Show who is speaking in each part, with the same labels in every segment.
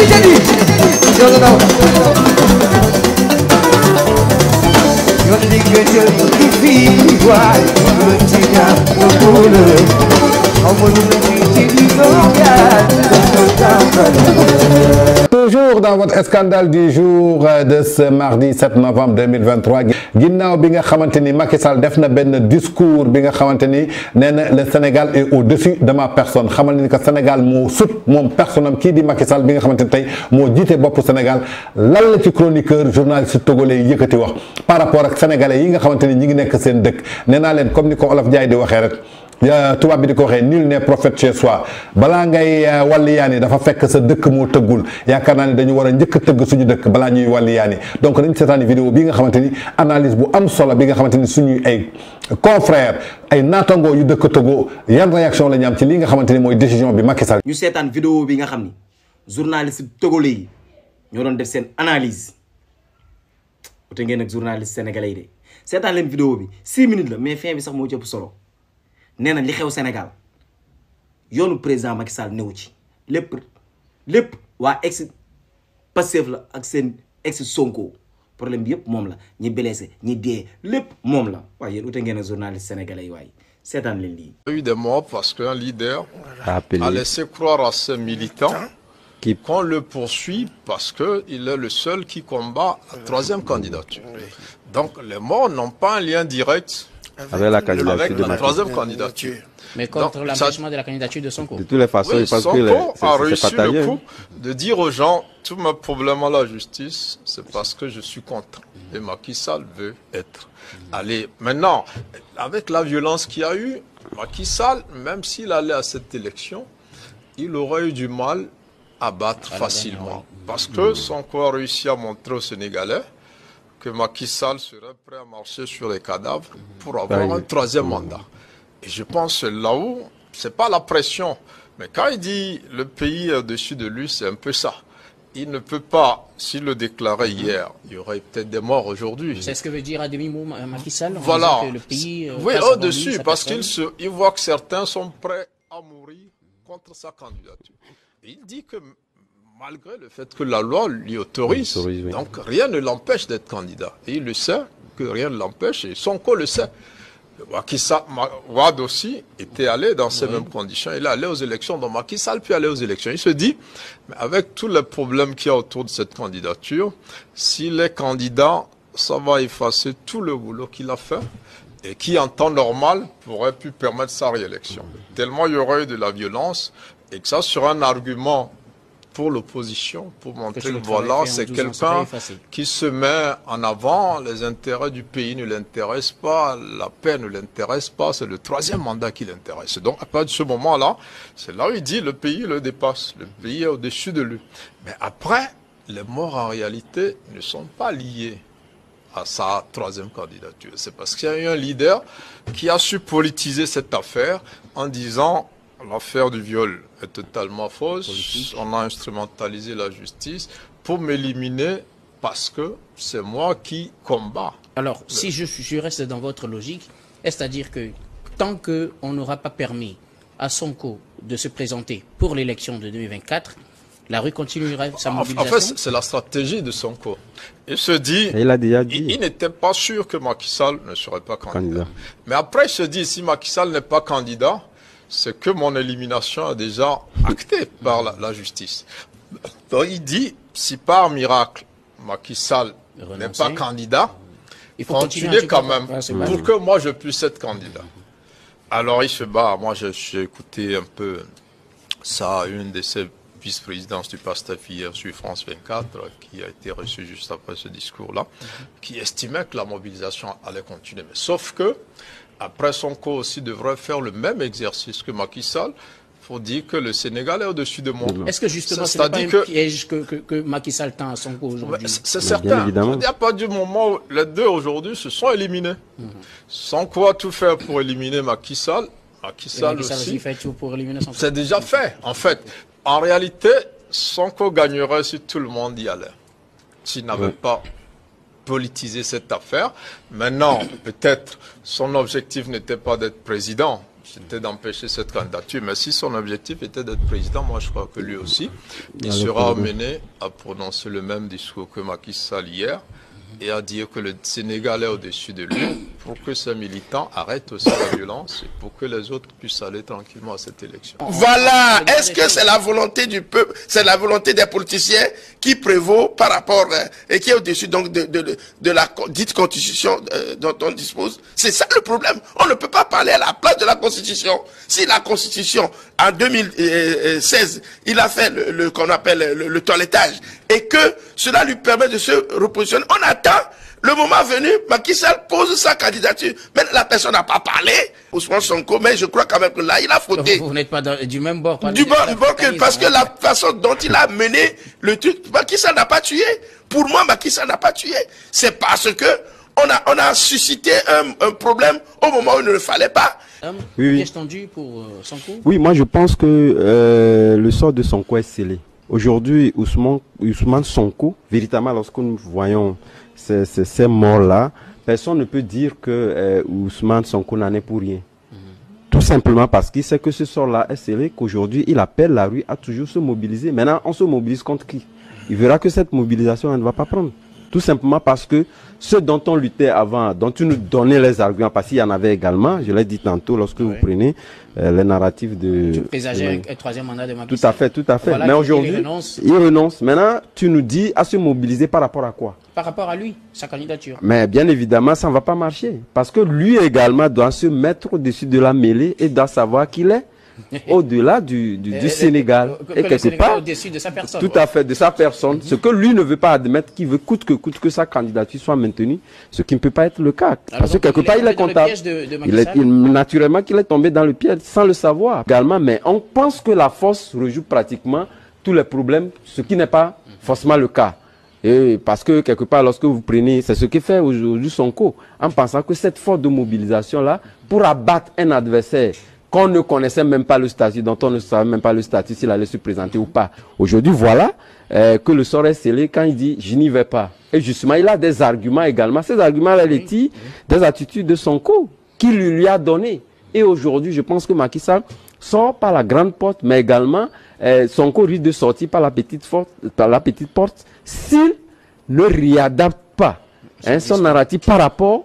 Speaker 1: đi chết đi chưa đâu gần đi người chơi đi. phi hoài luôn chỉ nhà của
Speaker 2: cô lời họ muốn đi chỉ đi gió cả toujours dans votre scandale du jour euh, de ce mardi 7 novembre 2023 ginnaaw bi nga xamante Macky Sall def discours bi nga xamante le Sénégal est au-dessus de ma personne xamal ni Sénégal moo mon personnage, personne dit di Macky Sall bi nga xamante ni Sénégal lan du chroniqueur journaliste togolais yi par rapport ak sénégalais yi nga xamante ni ñi ngi nekk seen dëkk comme ni ko Olof Ndiaye di waxee tubaab bi di ko waxee nul n'est prophète chez soi balaa ngay euh, wàlli yaani dafa fekk sa dëkk moo tëggul yaakaar naa ne dañu war a njëkk tëgg suñu dëkk balaa ñuy wàlli yaani donc nañ seetaani vidéo bi nga xamante ni analyse bu am solo bi nga xamante ni suñuy ay confrère ay naatangoo yu dëkk Togo yan réaction la ñu am ci li nga xamante ni mooy décision bi Macky Sall
Speaker 1: ñu seetaan vidéo bi nga xam ni journaliste togolais yi ñoo doon def seen analyse wute ngeen ak journaliste sénégalais yi de seetaan bi six minutes la mais bi sax moo ci solo nee nañ li xew Sénégal yoonu président Macky Sall newu ci lépp lépp waa ex Pastef la ak seen ex Sonko problème bi yëpp moom la
Speaker 3: ñi blessé ñi dee lépp moom la waaye yéen ute ngeen journaliste sénégalais yi waaye seetaan Il y a eu des morts parce qu'un leader a, laissé croire à ses militants qui... qu'on le poursuit parce qu'il est le seul qui combat la troisième candidature. Donc les morts n'ont pas un lien direct
Speaker 1: avec la de troisième
Speaker 3: candidature. Mais contre l'empêchement de la candidature de Sonko. De toutes les façons, Sonko a réussi le hein. coup de dire aux gens tout mon problème à la justice, c'est parce que je suis contre. Et Macky Sall veut être. Allez, maintenant, avec la violence qu'il y a eu, Macky Sall, même s'il allait à cette élection, il aurait eu du mal à battre facilement. Parce que Sonko a réussi à montrer aux Sénégalais que Macky Sall serait prêt à marcher sur les cadavres pour bah avoir un troisième mandat. Et je pense là-haut, c'est pas la pression, mais quand il dit le pays au-dessus de lui, c'est un peu ça. Il ne peut pas, s'il le déclarait hier, il y aurait peut-être des morts aujourd'hui. C'est
Speaker 1: ce que veut dire à demi-mot euh, Macky Sall Voilà. le euh, oui, au-dessus, parce qu'il
Speaker 3: voit que certains sont prêts à mourir contre sa candidature. Il dit que Malgré le fait que la loi lui autorise, donc rien ne l'empêche d'être candidat. Et il le sait, que rien ne l'empêche, et son co le sait. Wad aussi était allé dans ces mêmes conditions. Il est allé aux élections. Donc Macky a pu aller aux élections. Il se dit, mais avec tous les problèmes qu'il y a autour de cette candidature, s'il est candidat, ça va effacer tout le boulot qu'il a fait et qui, en temps normal, pourrait pu permettre sa réélection. Tellement il y aurait eu de la violence et que ça, sur un argument pour l'opposition, pour montrer que voilà, c'est quelqu'un qui se met en avant, les intérêts du pays ne l'intéressent pas, la paix ne l'intéresse pas, c'est le troisième mandat qui l'intéresse. Donc à partir de ce moment-là, c'est là où il dit le pays le dépasse, le pays est au-dessus de lui. Mais après, les morts en réalité ne sont pas liés à sa troisième candidature. C'est parce qu'il y a eu un leader qui a su politiser cette affaire en disant L'affaire du viol est totalement fausse. On a instrumentalisé la justice pour m'éliminer parce que c'est moi qui combat. Alors, si je, je, reste dans votre logique, c'est-à-dire que tant qu'on
Speaker 1: n'aura pas permis à Sonko de se présenter pour l'élection de 2024, la rue continuera sa mobilisation En fait,
Speaker 3: c'est la stratégie de Sonko. Il se dit, il, a n'était pas sûr que Macky Sall ne serait pas candidat. Mais après, il se dit, si Macky Sall n'est pas candidat, c'est que mon élimination est déjà actée par la, justice. il dit, si par miracle, Macky Sall n'est pas candidat, il faut continuer quand même pour que moi je puisse être candidat. Alors il se bat. Moi, j'ai écouté un peu ça, une de ses vice présidences du PASTEF hier sur France 24, qui a été reçue juste après ce discours-là, mhm. qui estimait que la mobilisation allait continuer. Mais sauf que après, Sonko aussi devrait faire le même exercice que Macky Sall faut dire que le Sénégal est au-dessus de moi. Est-ce que justement, c'est pas que... piège que, Macky Sall tend à Sonko aujourd'hui C'est certain. Il n'y a pas du moment où les deux aujourd'hui se sont éliminés. Mhm. sans quoi a tout fait pour éliminer Macky Sall. Macky Sall aussi. C'est déjà fait, en fait. En réalité, Sonko gagnerait si tout le monde y allait. S'il n'avait pas politiser cette affaire. Maintenant, peut-être son objectif n'était pas d'être président, c'était d'empêcher cette candidature. Mais si son objectif était d'être président, moi je crois que lui aussi, il sera amené à prononcer le même discours que Macky Sall hier et à dire que le Sénégal est au-dessus de lui pour que ce militant arrête aussi la violence et pour que les autres puissent aller tranquillement à cette élection. Voilà. Est-ce que c'est la
Speaker 1: volonté du peuple, c'est la volonté des politiciens qui prévaut par rapport euh, et qui est au-dessus donc de, de, la dite constitution euh, dont on dispose C'est ça le problème. On ne peut pas parler à la place de la constitution. Si la constitution, en 2016, euh, il a fait le, qu'on appelle le, le toilettage et que cela lui permet de se repositionner. On attend le moment venu, Macky Sall pose sa candidature. Mais la personne n'a pas parlé, Ousmane Sonko, mais je crois qu'avec là, il a fauté. Vous, n'êtes pas du même bord. Du bord, bord parce que la façon dont il a mené le truc, Macky Sall n'a pas tué. Pour moi, Macky Sall n'a pas tué. C'est parce que on a, suscité un, problème au moment où il ne le fallait pas.
Speaker 3: Hum, oui, pour euh,
Speaker 1: Oui, moi je pense que euh, le sort de Sonko est scellé. Aujourd'hui, Ousmane, Sonko, véritablement, lorsque nous voyons ces, morts-là, personne ne peut dire que euh, Ousmane Sonko n'en est pour rien. Mhm. Tout simplement parce qu'il sait que ce sort-là est scellé, qu'aujourd'hui, il appelle la rue à toujours se mobiliser. Maintenant, on se mobilise contre qui Il verra que cette mobilisation, elle ne va pas prendre. Tout simplement parce que ce dont on luttait avant, dont tu nous donnais les arguments, parce qu'il y en avait également, je l'ai dit tantôt, lorsque vous prenez euh, les narratifs de... Tu présageais un troisième mandat de Tout à fait, tout à fait. Mais aujourd'hui, il renonce. Maintenant, tu nous dis à se mobiliser par rapport à quoi Par rapport à lui, sa candidature. Mais bien évidemment, ça ne va pas marcher. Parce que lui également doit se mettre au-dessus de la mêlée et doit savoir qu'il est. au-delà du, Sénégal. et quelque part, Tout à fait, de sa personne. Ce que lui ne veut pas admettre, qu'il veut coûte que coûte que sa candidature soit maintenue, ce qui ne peut pas être le cas. Ah, parce que quelque part, il est comptable. il est, naturellement qu'il est tombé dans le piège sans le savoir également. Mais on pense que la force rejoue pratiquement tous les problèmes, ce qui n'est pas forcément le cas. parce que quelque part, lorsque vous prenez, c'est ce qui fait aujourd'hui Sonko, en pensant que cette force de mobilisation-là, pour abattre un adversaire qu'on ne connaissait même pas le statut, dont on ne savait même pas le statut s'il allait se présenter ou pas. Aujourd'hui, voilà euh, que le sort est scellé quand il dit « je n'y vais pas ». Et justement, il a des arguments également. Ces arguments-là, est des attitudes de son co qui lui, lui a donné. Et aujourd'hui, je pense que Macky Sall sort par la grande porte, mais également euh, son co risque de sortir par la petite, porte, par la petite porte s'il ne réadapte pas hein, son narratif par rapport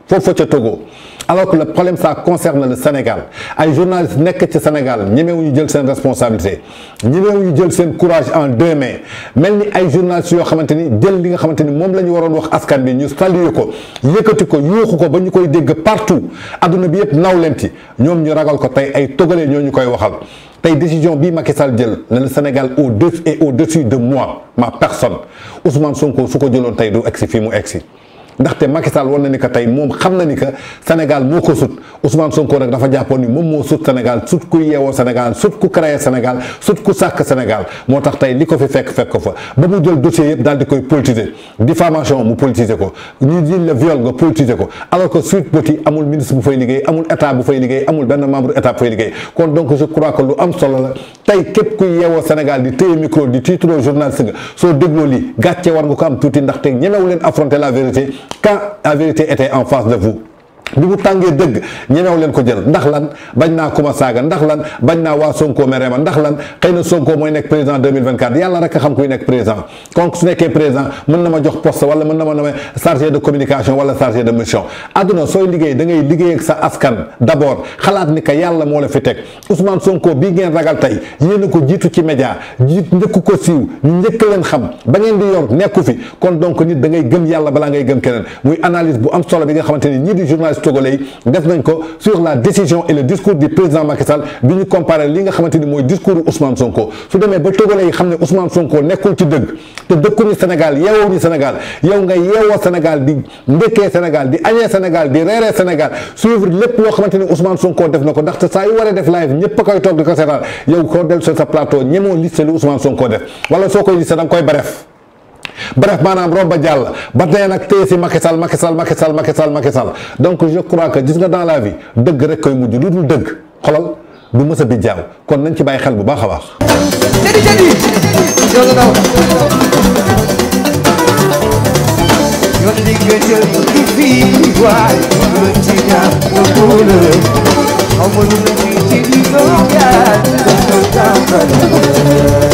Speaker 2: Togo alors que le problème ça concerne le Sénégal ay journalistes que ci Sénégal Ils jël une responsabilité il jël sen courage en deux mains melni ay journalistes yo xamanteni jël li nga xamanteni mom lañu la wax askan bi ñu saluer ko ko yuuxu ko bañ koy partout aduna bi yépp naw leen ñu ragal ko togolais, ay togalé ñoo koy waxal décision le Sénégal au-dessus et au-dessus de moi ma personne Ousmane Sonko su ko du mu ndaxte Macky Sall woon na ni que tey moom xam na ni que Sénégal moo ko sut Ousmane Sonko nag dafa jàppoon ni moom moo sut Sénégal sut ku yeewoo Sénégal sut ku créé ku sàkk Sénégal moo tax tey li ko fi fekk fekk ko fa ba mu jël dossier yëpp daal di koy politiser diffamation mu politiser ko ñu di le viol nga politiser ko alors que suite boti amul ministre bu fay liggéey amul état bu fay liggéey amul benn membre état bu fay liggéey kon donc je crois que lu am solo la tey képp ku yeewoo Sénégal di téye micro di titre journaliste nga war nga ko am tuuti ndaxte ñemewu leen affronter la vérité quand la vérité était en face de vous. bi tangé deug dëgg ñemeew leen ko jël ndax lan bañ na kuma saga ndax lan bañ na wa Sonko mere ma ndax lan xeyna Sonko moy nek président 2024 yàlla rek xam kuy nek président kon su nekké président mën na ma jox poste wala mën na ma nommer chargé de communication wala chargé de mission aduna soy liggéey da ngay liggéey ak sa askan d'abord xalaat ni ka yàlla mo la fi tek Ousmane Sonko bi ngeen ragal tay yéen ko jitu ci média jiit njëkk ko siw ñu njëkk leen xam ba ngeen di yor nekku fi kon donc nit da ngay gëm yàlla bala ngay gëm keneen muy analyse bu am solo bi nga xamanteni ni di journaliste togolais sur la décision et le discours du président Macky Sall bi ñu comparé li nga xamanteni moy discours Ousmane Sonko su demee ba togolais xamné Ousmane Sonko nekkul ci deug, te dëkkuñu Sénégal ni Sénégal yow nga yeewoo Sénégal di ndékkee Sénégal di agné Sénégal di réré Sénégal suivre lepp lo xamanteni Ousmane Sonko def nako ko sa saa yu waree def live ñepp koy toog ko seetaan yow del sur sa plateau ñemoo liste li Ousmane Sonko def wala soo koy liste koy bref bref maanaam romba jàll ba tey nag téye si Macky Sall Macky Sall Macky Sall gis nga dans la dëgg rek koy mujj lu dul dëgg xolal du mës a bi kon nañ ci bàyyi bu baax a baax. jadi
Speaker 1: jadi jangan tahu